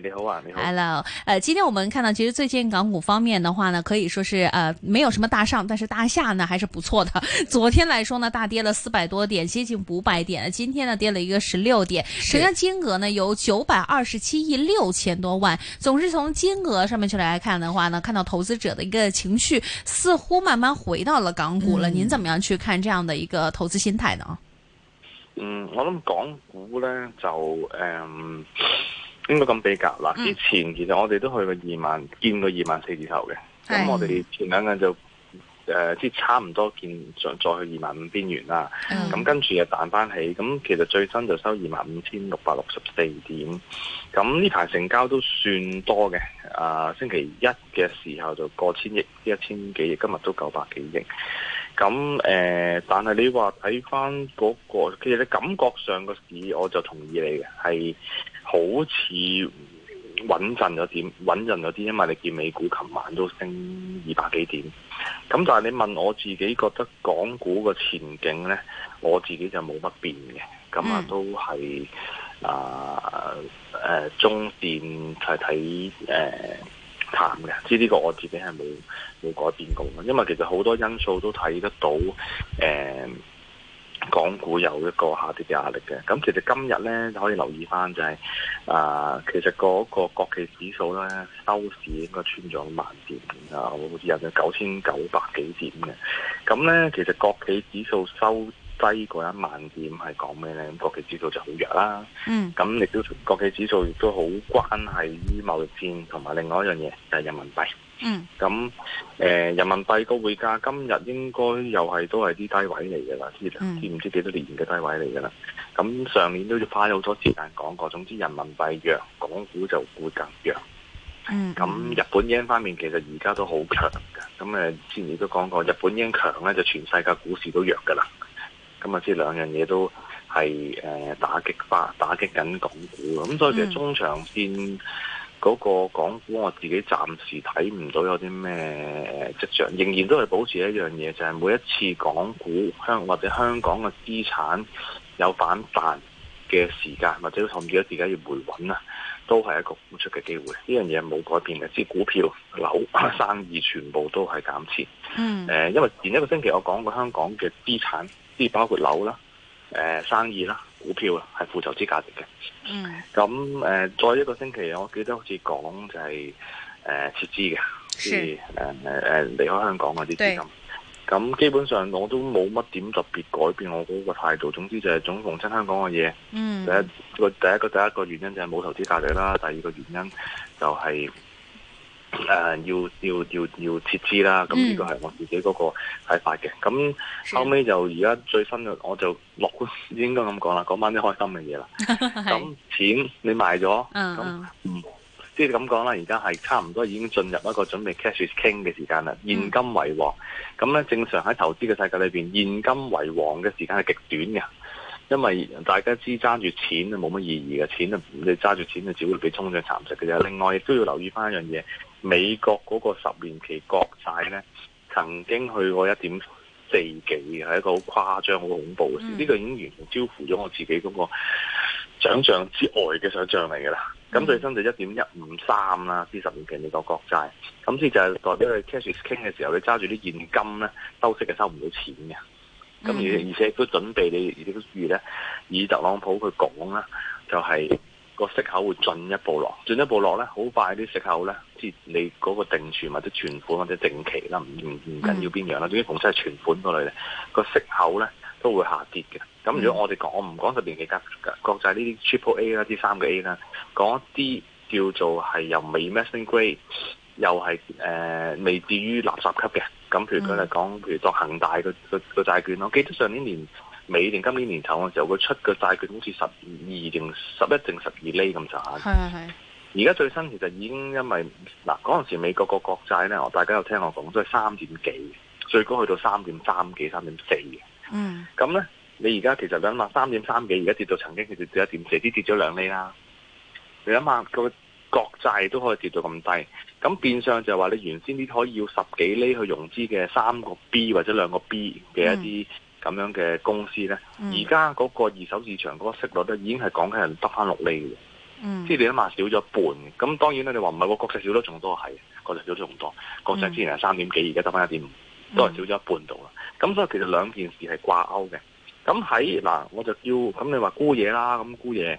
你好，啊，你好。Hello，呃，今天我們看到，其實最近港股方面的話呢，可以說是呃沒有什麼大上，但是大下呢還是不錯的。昨天來說呢大跌了四百多點，接近五百點。今天呢跌了一個十六點，實際上金額呢有九百二十七億六千多萬。總是從金額上面去來，來看的話呢，看到投資者的一個情緒似乎慢慢回到了港股了。嗯，您怎麼樣去看這樣的一個投資心態呢？嗯，我諗港股呢就誒。嗯應該咁比較嗱，之、嗯、前其實我哋都去過二萬，見過二萬四字頭嘅。咁我哋前兩日就誒，即、呃、差唔多見，想再去二萬五邊緣啦。咁跟住又彈翻起，咁其實最新就收二萬五千六百六十四點。咁呢排成交都算多嘅。啊、呃，星期一嘅時候就過千億，一千幾億，今日都九百幾億。咁誒、呃，但係你話睇翻嗰個，其實你感覺上個市，我就同意你嘅，係好似穩陣咗點，穩陣咗啲，因為你見美股琴晚都升二百幾點。咁但係你問我自己覺得港股個前景咧，我自己就冇乜變嘅，咁啊都係啊誒中線係睇誒。呃談嘅，即係呢個我自己係冇冇改變過嘅，因為其實好多因素都睇得到，誒、呃，港股有一個下跌嘅壓力嘅。咁其實今日咧可以留意翻就係、是，啊、呃，其實嗰個國企指數咧收市應該穿咗萬點啊，好似有咗九千九百幾點嘅。咁咧其實國企指數收。低過一萬點係講咩咧？咁國企指數就好弱啦。嗯，咁亦都國企指數亦都好關係於貿易戰，同埋另外一樣嘢就係、是、人民幣。嗯，咁誒、呃、人民幣個匯價今日應該又係都係啲低位嚟噶啦，知唔知幾多年嘅低位嚟噶啦？咁、嗯、上年都花咗好多時間講過。總之人民幣弱，港股就會更弱。咁、嗯、日本英方面其實而家都好強㗎。咁之前亦都講過，日本英強強咧，就全世界股市都弱噶啦。咁啊，即係兩樣嘢都係誒打擊翻、打擊緊港股。咁所以其實中長線嗰個港股，我自己暫時睇唔到有啲咩跡象，仍然都係保持一樣嘢，就係、是、每一次港股香或者香港嘅資產有反彈嘅時間，或者甚至而家要回穩啊，都係一個沽出嘅機會。呢樣嘢冇改變嘅，即係股票、樓、生意，全部都係減持。嗯，誒，因為前一個星期我講過香港嘅資產。包括樓啦、誒、呃、生意啦、股票啦，係負投資價值嘅。嗯。咁誒、呃，再一個星期，我記得好似講就係誒撤資嘅，即係誒誒誒離開香港嗰啲資金。咁基本上我都冇乜點特別改變我嗰個態度。總之就係總共親香港嘅嘢。嗯。第一個第一個第一個原因就係冇投資價值啦。第二個原因就係、是。誒、呃、要要要要撤資啦，咁、嗯、呢個係我自己嗰個睇法嘅。咁後尾就而家最新嘅，我就樂觀，應該咁講啦，講翻啲開心嘅嘢啦。咁 錢你賣咗，咁唔即係咁講啦。而家係差唔多已經進入一個準備 cash is king 嘅時間啦。現金為王，咁、嗯、咧正常喺投資嘅世界裏面，現金為王嘅時間係極短嘅，因為大家知揸住錢啊冇乜意義嘅，錢啊你揸住錢就只會俾通脹蠶食嘅啫。另外亦都要留意翻一樣嘢。美國嗰個十年期國債咧，曾經去過一點四幾，係一個好誇張、好恐怖嘅事。呢、嗯，呢個已經完全超乎咗我自己嗰個想像之外嘅想像嚟㗎啦。咁最新就一點一五三啦，呢十年期美國國債。咁先就係代表你 cash is king 嘅時候，你揸住啲現金咧，收息係收唔到錢嘅。咁而而且都準備你而都預咧，以特朗普去講啦，就係、是。個息口會進一步落，進一步落咧，好快啲息口咧，即你嗰個定存或者存款或者定期啦，唔唔唔緊要邊樣啦，總之逢真係存款嗰類咧，個息口咧都會下跌嘅。咁如果我哋講唔講特別幾級嘅國際 AAA，呢啲 Triple A 啦，啲三嘅 A 啦，講啲叫做係由未 messing Grade 又係誒、呃、未至於垃圾級嘅，咁譬如佢係講，譬如當恒大個個個債券咯，我記得上年年，美定今年年頭嘅時候，佢出個債券好似十二定十一定十二厘咁上下。係係。而家最新其實已經因為嗱嗰陣時美國個國債咧，我大家有聽我講都係三點幾，最高去到三點三幾、三點四嘅。嗯。咁咧，你而家其實諗下，三點三幾而家跌到曾經其實跌一點四啲跌咗兩厘啦。你諗下個國債都可以跌到咁低，咁變相就係話你原先啲可以要十幾厘去融資嘅三個 B 或者兩個 B 嘅一啲。咁樣嘅公司咧，而家嗰個二手市場嗰個息率咧，已經係講緊係得翻六厘嘅，即、嗯、係你起碼少咗一半。咁當然咧，你話唔係個國債少咗仲多係，國債少咗仲多。國債、嗯、之前係三點幾，而家得翻一點五，都係少咗一半度啦。咁、嗯、所以其實兩件事係掛鈎嘅。咁喺嗱，我就叫咁你話沽嘢啦，咁沽嘢，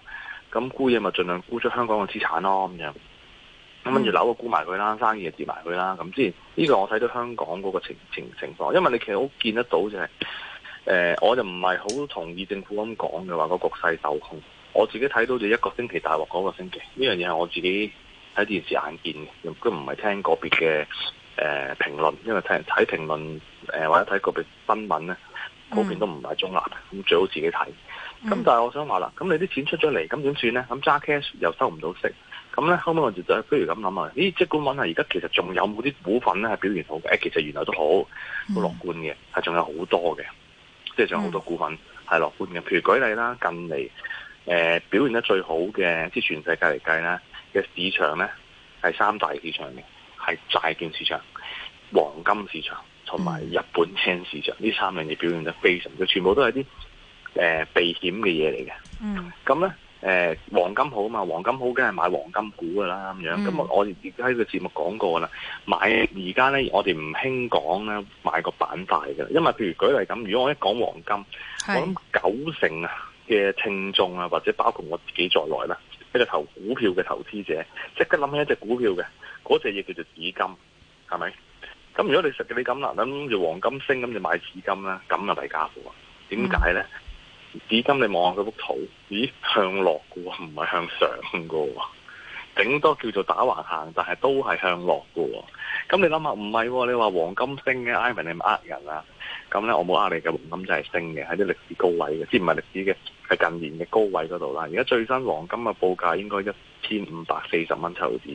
咁沽嘢咪儘量沽出香港嘅資產咯，咁樣咁跟住樓啊沽埋佢啦，生意啊接埋佢啦。咁之前呢個我睇到香港嗰個情情情，情況，因為你其實好見得到就係、是。誒、呃，我就唔係好同意政府咁講嘅話、個局勢受控。我自己睇到就一個星期大落，嗰個星期呢樣嘢係我自己睇電視眼見嘅，都唔係聽個別嘅誒、呃、評論，因為睇睇評論、呃、或者睇個別新聞咧，普遍都唔係中立，咁、mm. 最好自己睇。咁但係我想話啦，咁你啲錢出咗嚟，咁點算咧？咁揸 cash 又收唔到息，咁咧後尾我就就不如咁諗啊！咦，即管問下而家其實仲有冇啲股份咧係表現好嘅、欸？其實原來都好好樂觀嘅，係、mm. 仲有好多嘅。即、嗯、係仲有好多股份係樂觀嘅，譬如舉例啦，近嚟誒、呃、表現得最好嘅，即係全世界嚟計啦嘅市場咧，係三大市場嘅，係債券市場、黃金市場同埋日本錢市場呢、嗯、三樣嘢表現得非常，之，全部都係啲誒避險嘅嘢嚟嘅。嗯，咁咧。誒黃金好啊嘛，黃金好梗係買黃金股噶啦咁樣。咁、嗯、我哋而家喺個節目講過啦，買而家咧我哋唔興講啦，買個板塊啦，因為譬如舉例咁，如果我一講黃金，我諗九成啊嘅聽眾啊，或者包括我自己在內啦，一個投股票嘅投資者，即刻諗起一隻股票嘅，嗰隻嘢叫做紙金，係咪？咁如果你食嘅你咁啦，諗住黃金升咁就買紙金啦，咁就咪弊家伙啊？點解咧？嗯至今，你望下幅圖，咦？向落喎，唔係向上喎，頂多叫做打橫行，但係都係向落喎。咁你諗下，唔係、啊、你話黃金升嘅、啊、，Ivan 你唔呃人啊？咁咧，我冇呃你嘅黃金就係升嘅，喺啲歷史高位嘅，即唔係歷史嘅，係近年嘅高位嗰度啦。而家最新黃金嘅報價應該一千五百四十蚊抽子。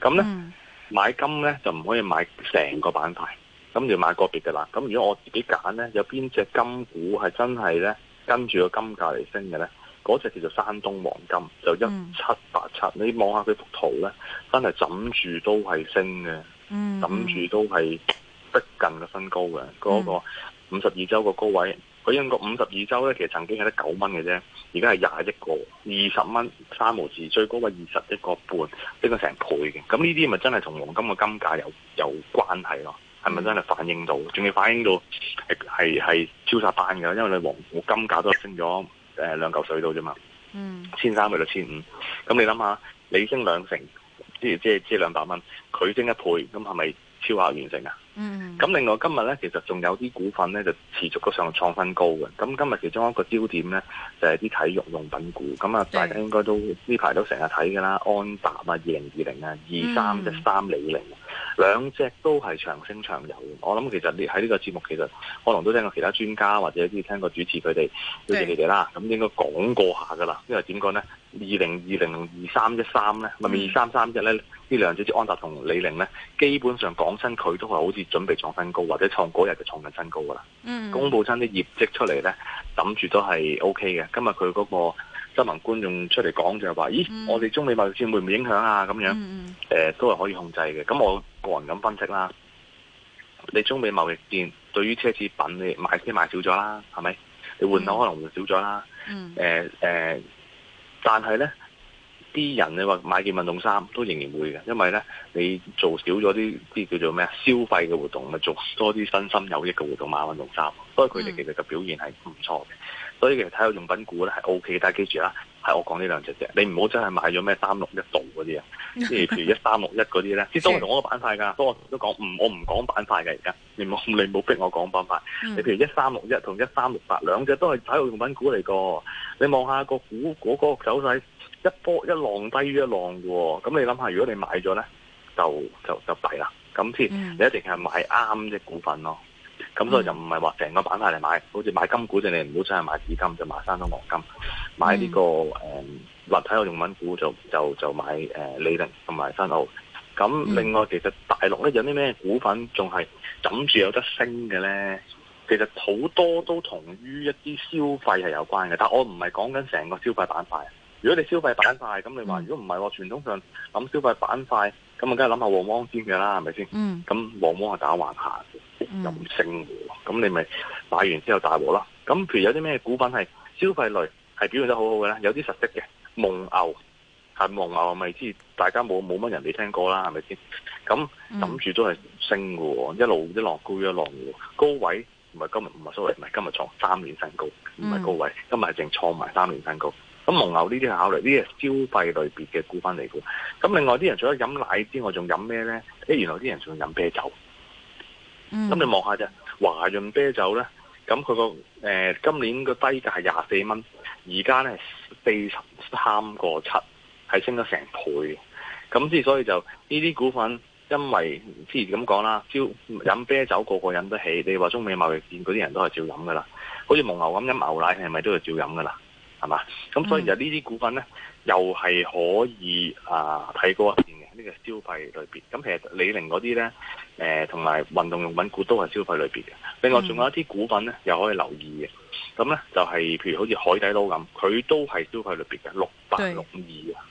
咁咧、嗯、買金咧就唔可以買成個板塊，咁就買個別嘅啦。咁如果我自己揀咧，有邊隻金股係真係咧？跟住個金價嚟升嘅咧，嗰隻叫做山東黃金，就一七八七。嗯、你望下佢幅圖咧，真係枕住都係升嘅，枕、嗯、住都係逼近分、個新高嘅。嗰個五十二週個高位，佢用個五十二週咧，其實曾經係得九蚊嘅啫，而家係廿一個二十蚊三毫字，最高位二十一個半，升、呢個成倍嘅。咁呢啲咪真係同黃金個金價有有關係咯？係咪真係反映到？仲要反映到係係超殺班嘅，因為你黃金價都升咗誒、呃、兩嚿水到啫嘛。嗯，千三去到千五，咁你諗下，你升兩成，即係即係即係兩百蚊，佢升一倍，咁係咪超額完成啊？嗯，咁另外今日咧，其實仲有啲股份咧就持續個上創新高嘅。咁今日其中一個焦點咧就係、是、啲體育用品股。咁啊，大家應該都呢排都成日睇㗎啦，安踏啊，二零二零啊，二三即三零零。兩隻都係長升長有，我諗其實你喺呢個節目，其實可能都聽過其他專家，或者亦都聽過主持佢哋，到時你哋啦，咁應該講過下噶啦。因為點講咧？二零二零二三一三咧，咪二三三一咧，兩隻呢兩隻隻安踏同李寧咧，基本上講親佢都係好似準備創新高，或者創嗰日就創緊新高噶啦。嗯，公布親啲業績出嚟咧，諗住都係 O K 嘅。今日佢嗰個。新聞觀眾出嚟講就係話：咦，嗯、我哋中美貿易戰會唔會影響啊？咁樣，誒、嗯呃、都係可以控制嘅。咁我個人咁分析啦，你中美貿易戰對於奢侈品你買車買少咗啦，係咪？你換樓可能會少咗啦。誒、嗯、誒、呃呃，但係咧，啲人你話買件運動衫都仍然會嘅，因為咧你做少咗啲啲叫做咩啊消費嘅活動，咪做多啲身心有益嘅活動買運動衫，所以佢哋其實嘅表現係唔錯嘅。嗯嗯所以其實體育用品股咧係 O K 嘅，但係記住啦，係我講呢兩隻啫，你唔好真係買咗咩三六一度嗰啲啊，即係譬如一三六一嗰啲咧，啲都係同個板塊噶，所以我都講唔，我唔講板塊嘅而家，你冇你冇逼我講板塊，你譬如一三六一同一三六八兩隻都係體育用品股嚟個，你望下個股嗰個走勢一波一浪低一浪嘅，咁你諗下如果你買咗咧，就就就抵啦，咁先、嗯、你一定係買啱嘅股份咯。咁、嗯、所以就唔係話成個板塊嚟買，好似買金股就你唔好真係買紙金，就買山東黃金，買呢、這個誒、嗯呃、立體個用品股就就就買誒、呃、李寧同埋新奧。咁另外、嗯、其實大陸咧有啲咩股份仲係枕住有得升嘅咧？其實好多都同於一啲消費係有關嘅，但我唔係講緊成個消費板塊。如果你消費板塊咁，你話、嗯、如果唔係喎，傳統上諗消費板塊，咁啊梗係諗下旺旺先嘅啦，係咪先？咁旺旺係打橫行。嗯、任性，咁你咪買完之後大鑊啦。咁譬如有啲咩股份係消費類係表現得好好嘅咧？有啲實質嘅。蒙牛係蒙牛咪知，大家冇冇乜人哋聽過啦，係咪先？咁諗住都係升嘅，一路一浪高一浪。高位唔係今日唔係所謂，唔係今日創三年新高，唔係高位，今日淨創埋三年新高。咁蒙牛呢啲係考慮，呢啲係消費類別嘅股份嚟嘅。咁另外啲人除咗飲奶之外，仲飲咩咧？誒，原來啲人仲飲啤酒。咁、嗯、你望下啫，華潤啤酒咧，咁佢個誒今年個低價係廿四蚊，而家咧四十三個七，係升咗成倍。咁之所以就呢啲股份，因為之前咁講啦，招飲啤酒個個飲得起，你話中美貿易戰嗰啲人都係照飲噶啦，好似蒙牛咁飲牛奶係咪都係照飲噶啦，係嘛？咁所以就呢啲股份咧，又係可以啊睇、呃、過一邊嘅呢個消費裏邊。咁其實李寧嗰啲咧。誒、呃，同埋運動用品股都係消費類別嘅，另外仲有一啲股份咧，又可以留意嘅。咁、嗯、咧就係譬如好似海底撈咁，佢都係消費類別嘅，六八六二啊。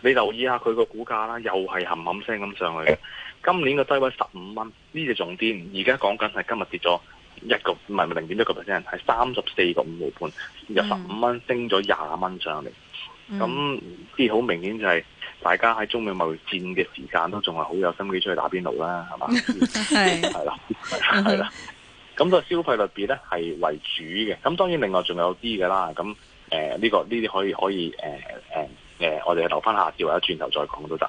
你留意下佢個股價啦，又係冚冚聲咁上去嘅、欸。今年嘅低位十五蚊，呢隻重點跌，而家講緊係今日跌咗一個唔係咪係零點一個 percent 係三十四個五毫半，由十五蚊升咗廿蚊上嚟。咁啲好明顯就係、是。大家喺中美貿易戰嘅時間都仲係好有心機出去打邊爐啦，係嘛？係係啦，係啦。咁個消費率別類咧係為主嘅，咁當然另外仲有啲嘅啦。咁誒呢個呢啲可以可以誒誒誒，我哋留翻下，下次或者轉頭再講都得。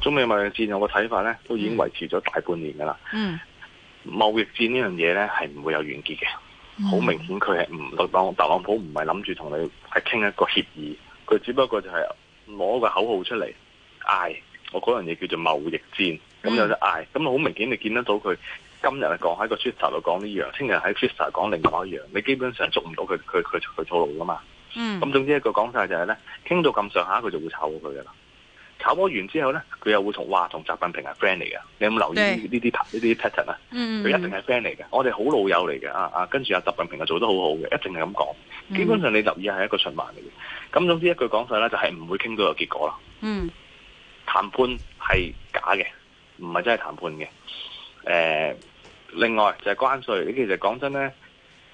中美貿易戰我個睇法咧，都已經維持咗大半年噶啦。嗯，貿易戰呢樣嘢咧係唔會有完結嘅，好、嗯、明顯佢係唔特朗普唔係諗住同你係傾一個協議，佢只不過就係攞個口號出嚟嗌、哎，我嗰樣嘢叫做貿易戰，咁有得嗌，咁好、哎、明顯你見得到佢今日係講喺個 Twitter 度講呢樣，聽日喺 Twitter 講另外一樣，你基本上捉唔到佢佢佢佢套路噶嘛。咁、嗯、總之一個講晒就係咧，傾到咁上下佢就會炒過佢噶啦。炒波完之後咧，佢又會同哇同習近平係 friend 嚟嘅，你有冇留意呢啲呢啲 pattern 啊？佢一定係 friend 嚟嘅，我哋好老友嚟嘅啊啊！跟住阿習近平又做得好好嘅，一定係咁講。基本上你留意係一個循環嚟嘅。咁總之一句講晒咧，就係、是、唔會傾到有結果啦。嗯，談判係假嘅，唔係真係談判嘅。誒、呃，另外就係關稅，你其實講真咧，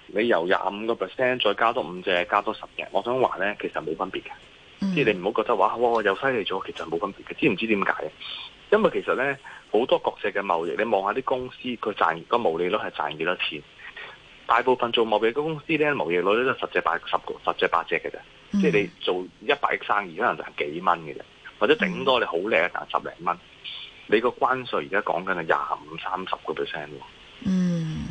你由廿五個 percent 再加多五隻，加多十隻，我想話咧，其實冇分別嘅。即、嗯、係你唔好覺得話，哇又犀利咗，其實冇分別嘅。知唔知點解？因為其實咧，好多國際嘅貿易，你望下啲公司佢賺個毛利率係賺幾多錢？大部分做貿易嘅公司咧，毛利率都十隻八十十隻八隻嘅啫。即係你做一百億生意，可能就係幾蚊嘅啫，或者頂多你好叻，賺、嗯、十零蚊。你個關稅而家講緊係廿五、三十個 percent 喎。嗯，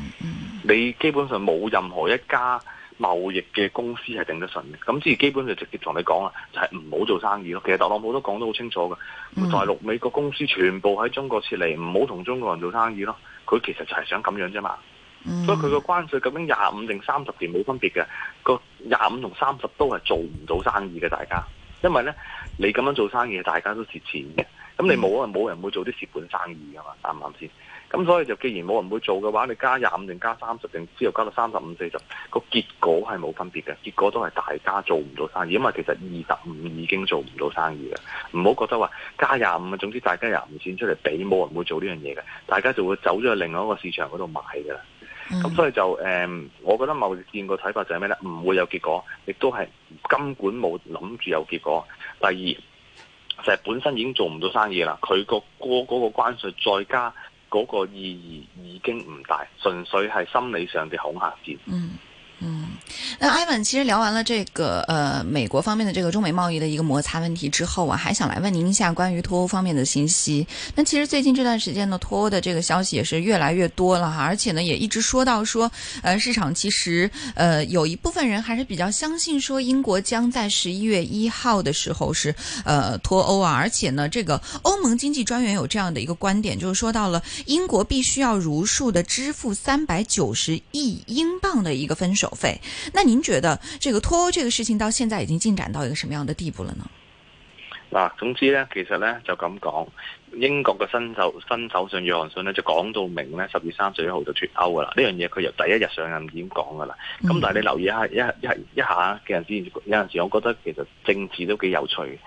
你基本上冇任何一家。貿易嘅公司係定得順嘅，咁所以基本上就直接同你講啦，就係唔好做生意咯。其實特朗普都講得好清楚嘅，mm. 大陸美國公司全部喺中國撤離，唔好同中國人做生意咯。佢其實就係想咁樣啫嘛。Mm. 所以佢個關稅咁樣廿五定三十年冇分別嘅，個廿五同三十都係做唔到生意嘅。大家，因為呢，你咁樣做生意，大家都蝕錢嘅。咁、嗯、你冇啊，冇人會做啲蝕本生意噶嘛，啱唔啱先？咁所以就既然冇人會做嘅話，你加廿五定加三十定之後加到三十五四十，個結果係冇分別嘅，結果都係大家做唔到生意，因為其實二十五已經做唔到生意嘅。唔好覺得話加廿五，總之大家廿五錢出嚟俾，冇人會做呢樣嘢嘅，大家就會走咗去另外一個市場嗰度買噶啦。咁所以就誒、嗯嗯，我覺得貿易戰個睇法就係咩咧？唔會有結果，亦都係根本冇諗住有結果。第二。就是、本身已經做唔到生意啦，佢個過嗰個關稅再加嗰個意義已經唔大，純粹係心理上嘅恐嚇戰。嗯嗯。那艾文，其實聊完了這個呃美國方面的這個中美貿易的一個摩擦問題之後，我還想來問您一下關於脫歐方面的信息。那其實最近這段時間呢，脫歐的這個消息也是越來越多了哈，而且呢也一直說到說，呃市場其實呃有一部分人還是比較相信說英國將在十一月一號的時候是呃脫歐啊，而且呢這個歐盟經濟專員有這樣的一個觀點，就是說到了英國必須要如數的支付三百九十億英鎊的一個分手費。那你您覺得這個脫歐這個事情到現在已經進展到一個什麼樣嘅地步了呢？嗱，總之呢，其實呢，就咁講，英國嘅新首新首相約翰遜呢，就講到明呢，十月三十一號就脫歐噶啦。呢、嗯、樣嘢佢由第一日上任已經講噶啦。咁但係你留意一下，一一一,一,一,一下嘅陣之有陣時，我覺得其實政治都幾有趣。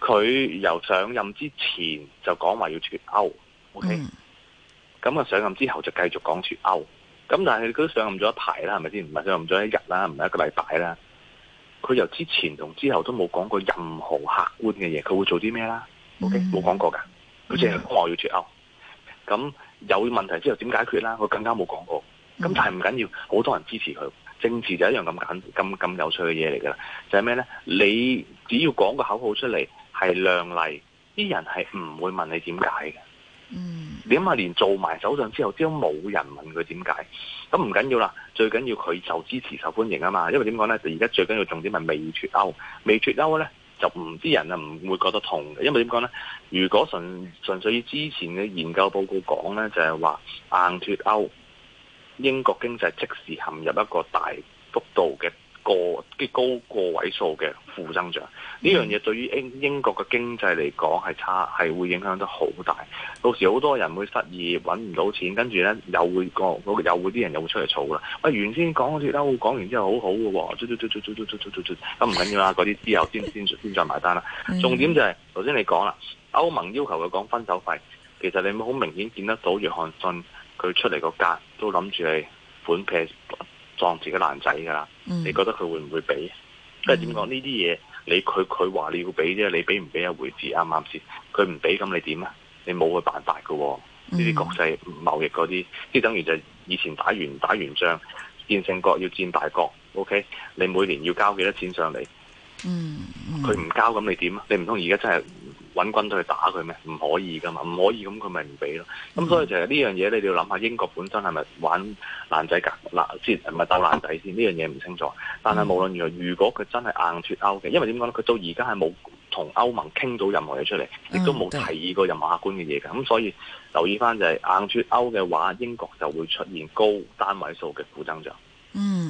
佢由上任之前就講話要脫歐，OK、嗯。咁啊，上任之後就繼續講脫歐。咁但係佢都上任咗一排啦，係咪先？唔係上任咗一日啦，唔係一個禮拜啦。佢由之前同之後都冇講過任何客觀嘅嘢，佢會做啲咩啦？OK，冇講過噶。佢只係話要脫歐。咁有問題之後點解決啦？佢更加冇講過。咁但係唔緊要，好多人支持佢。政治就一樣咁簡咁咁有趣嘅嘢嚟噶啦，就係咩咧？你只要講個口號出嚟係亮麗，啲人係唔會問你點解嘅。嗯，你諗連做埋首相之後，都冇人問佢點解，咁唔緊要啦。最緊要佢就支持、受歡迎啊嘛。因為點講呢？而家最緊要重點係未脫歐，未脫歐呢，就唔知人啊唔會覺得痛嘅。因為點講呢？如果純純粹以之前嘅研究報告講呢，就係話硬脫歐，英國經濟即時陷入一個大幅度嘅。個高個位數嘅負增長，呢、嗯、樣嘢對於英英國嘅經濟嚟講係差，係會影響得好大。到時好多人會失業，搵唔到錢，跟住咧又會個又會啲人又會出嚟儲啦。喂、哎，原先講好似，歐講完之後很好好嘅，咁唔緊要啦。嗰啲之後先先先再埋單啦、嗯。重點就係頭先你講啦，歐盟要求佢講分手費，其實你好明顯見得到約翰遜佢出嚟個價都諗住係本撇。撞自己爛仔噶啦，你覺得佢會唔會俾？即係點講呢啲嘢？你佢佢話你要俾啫，你俾唔俾一回事，啱唔啱先？佢唔俾咁你點啊？你冇佢辦法噶喎？呢啲國際貿易嗰啲，即係等於就以前打完打完仗，戰勝國要戰大國。OK，你每年要交幾多錢上嚟？嗯，佢、嗯、唔交咁你點啊？你唔通而家真係？搵軍隊去打佢咩？唔可以噶嘛，唔可以咁佢咪唔俾咯。咁、嗯、所以其實呢樣嘢你哋要諗下，英國本身係咪玩爛仔㗎？嗱，先係咪鬥爛仔先？呢、嗯、樣嘢唔清楚。但係無論如何，如果佢真係硬脫歐嘅，因為點講咧？佢到而家係冇同歐盟傾到任何嘢出嚟，亦都冇提議過任何客觀嘅嘢嘅。咁、嗯、所以留意翻就係、是、硬脫歐嘅話，英國就會出現高單位數嘅負增長。